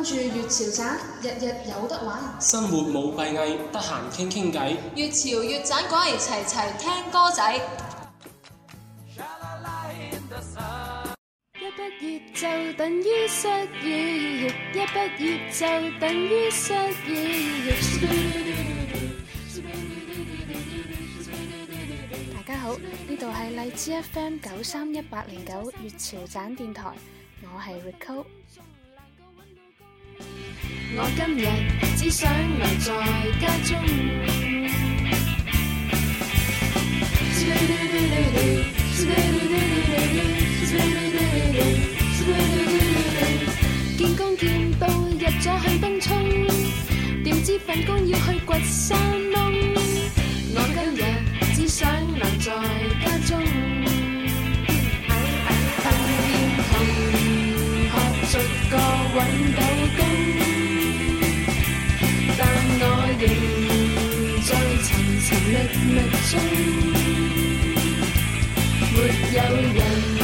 跟住月潮盞，日日有得玩。生活冇閉翳，得閒傾傾偈。月潮月盞，過嚟齊齊聽歌仔。一畢業就等於失業，一畢業就等於失業。大家好，呢度係荔枝 FM 九三一八零九月潮盞電台，我係 Rico。我今日只想留在家中。見工見到入咗去東涌，點知份工要去掘山。尋覓密蹤，沒有人。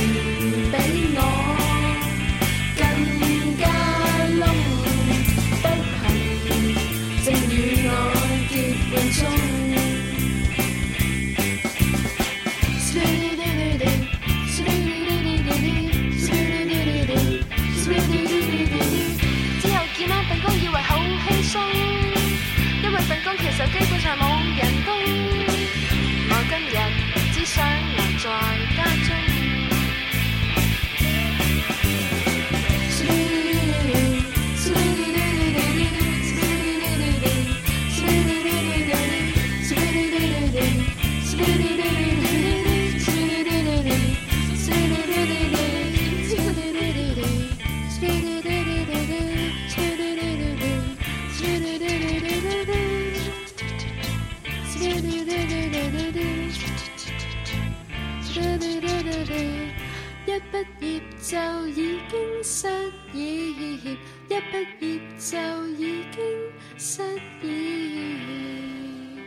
已經失業，一畢業就已經失業。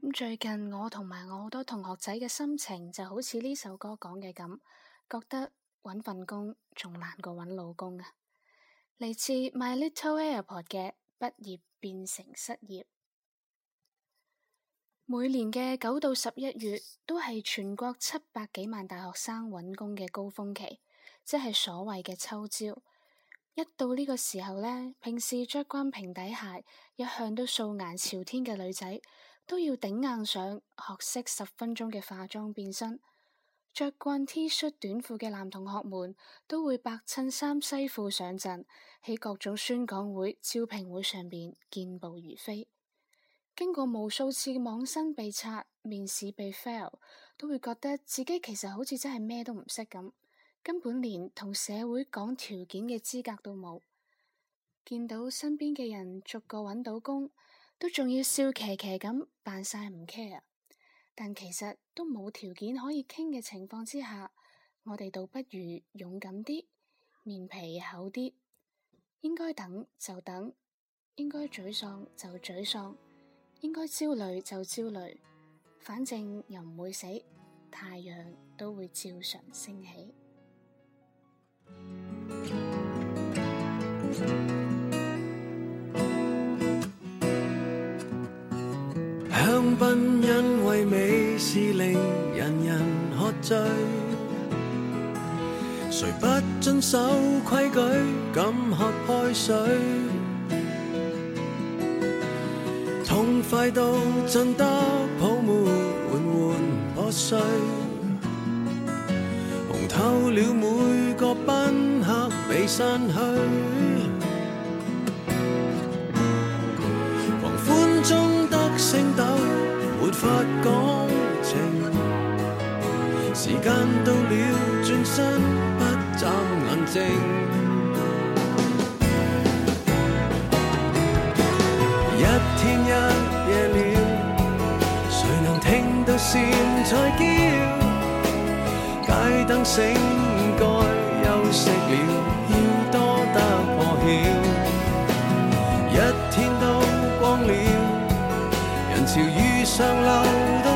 咁最近我同埋我好多同學仔嘅心情就好似呢首歌講嘅咁，覺得揾份工仲難過揾老公啊。嚟自 My Little Airport 嘅《畢業變成失業》。每年嘅九到十一月都係全國七百幾萬大學生揾工嘅高峰期，即係所謂嘅秋招。一到呢個時候咧，平時着慣平底鞋、一向都素顏朝天嘅女仔，都要頂硬上，學識十分鐘嘅化妝變身；着慣 T 恤短褲嘅男同學們，都會白襯衫西褲上陣，喺各種宣講會、招聘會上邊健步如飛。經過無數次嘅網申被刷、面試被 fail，都會覺得自己其實好似真係咩都唔識咁，根本連同社會講條件嘅資格都冇。見到身邊嘅人逐個搵到工，都仲要笑騎騎咁扮晒唔 care，但其實都冇條件可以傾嘅情況之下，我哋倒不如勇敢啲、面皮厚啲，應該等就等，應該沮喪就沮喪。應該焦慮就焦慮，反正又唔會死，太陽都會照常升起。 香檳因為美是令人人喝醉，誰不遵守規矩敢喝開水？快到震的泡沫緩緩破碎，紅透了每個賓客被散去，狂歡中的星斗，沒法講情。時間到了，轉身不眨冷靜。在叫，街燈醒，該休息了，要多得破曉，一天都光了，人潮如上流。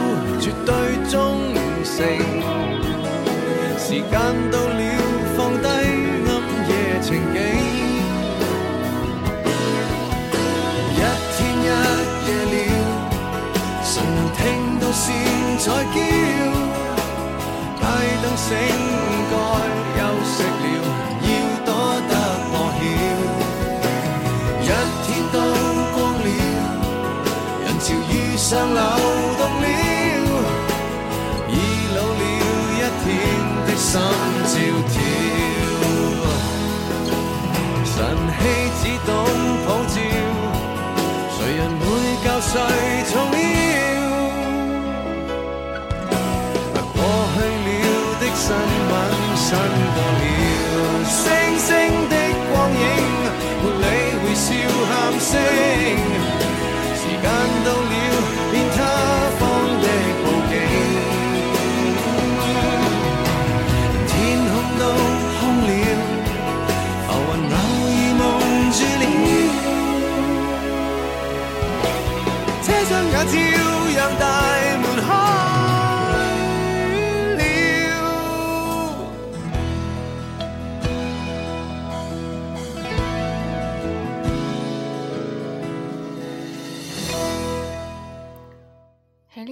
絕對忠誠，時間到了，放低暗夜情景。一天一夜了，誰能聽到蟬在叫？街燈醒覺。心照跳跳，晨曦只懂普照，誰人會教誰重要？ 過去了的新聞，新播了，星星的光影，沒理會笑喊聲。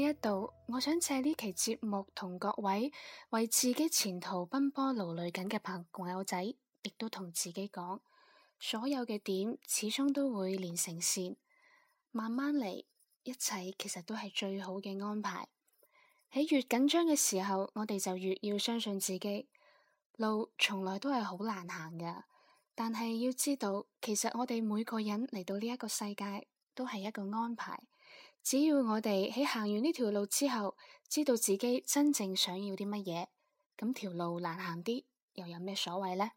一度，我想借呢期節目同各位為自己前途奔波勞累緊嘅朋友仔，亦都同自己講，所有嘅點始終都會連成線，慢慢嚟，一切其實都係最好嘅安排。喺越緊張嘅時候，我哋就越要相信自己。路從來都係好難行噶，但係要知道，其實我哋每個人嚟到呢一個世界，都係一個安排。只要我哋喺行完呢條路之後，知道自己真正想要啲乜嘢，咁條路難行啲又有咩所謂呢？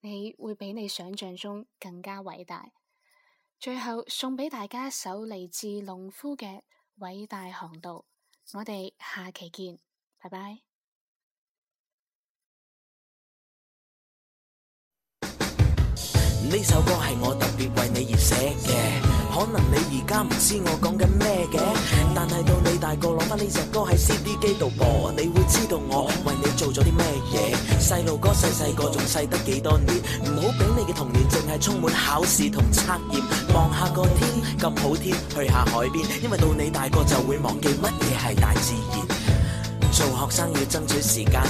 你會比你想象中更加偉大。最後送畀大家一首嚟自農夫嘅《偉大航道》，我哋下期見，拜拜。呢首歌係我特別為你而寫嘅，可能你而家唔知我講緊咩嘅，但係到你大個攞翻呢隻歌喺 CD 機度播，你會知道我為你做咗啲咩嘢。細路哥細細個仲細得幾多年？唔好俾你嘅童年淨係充滿考試同測驗。望下個天咁好天，去下海邊，因為到你大個就會忘記乜嘢係大自然。做學生要爭取時間，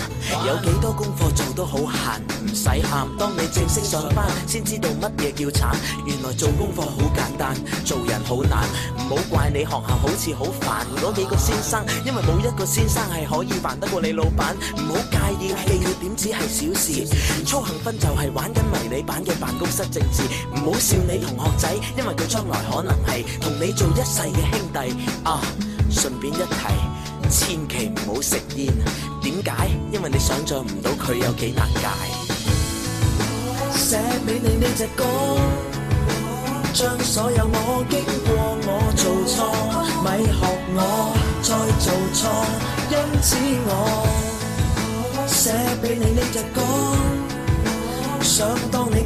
有幾多功課做都好閒，唔使喊。當你正式上班，先知道乜嘢叫慘。原來做功課好簡單，做人好難。唔好怪你學校好似好煩，嗰幾個先生，因為冇一個先生係可以煩得過你老闆。唔好介意，氣餒點只係小事。操行分就係玩緊迷你版嘅辦公室政治。唔好笑你同學仔，因為佢將來可能係同你做一世嘅兄弟。啊，順便一提。千祈唔好食煙，點解？因為你想象唔到佢有幾難戒。寫俾你呢隻歌，將所有我經過我做錯，咪學我再做錯。因此我寫俾你呢隻歌，想當你。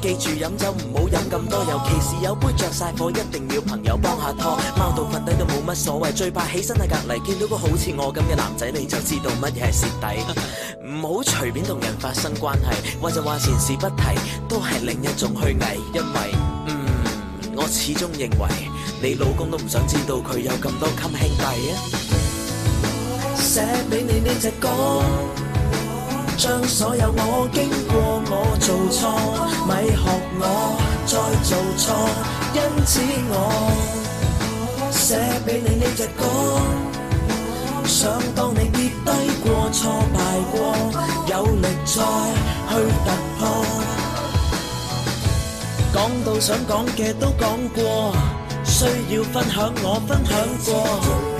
記住飲酒唔好飲咁多，尤其是有杯着晒火，一定要朋友幫下拖。貓到瞓低都冇乜所謂，最怕起身喺隔離見到個好似我咁嘅男仔，你就知道乜嘢係蝕底。唔好隨便同人發生關係，或者話前事不提都係另一種虛偽，因為嗯，我始終認為你老公都唔想知道佢有咁多襟 兄弟啊。寫俾你呢隻歌。將所有我經過，我做錯，咪學我再做錯。因此我寫俾你呢隻歌，想當你跌低過、挫敗過，有力再去突破。講到想講嘅都講過，需要分享我分享過。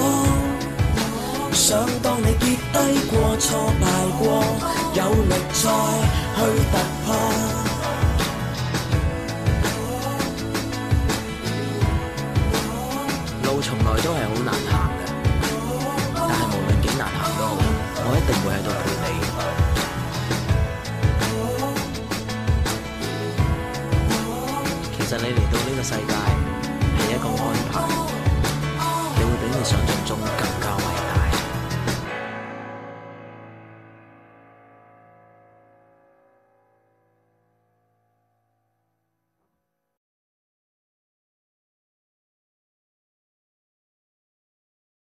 想當你跌低過、挫敗過，有力再去突破。路從來都係好難行嘅，但係無論幾難行都好，我一定會喺度陪你。其實你嚟到呢個世界係一個安排，你會比你想象。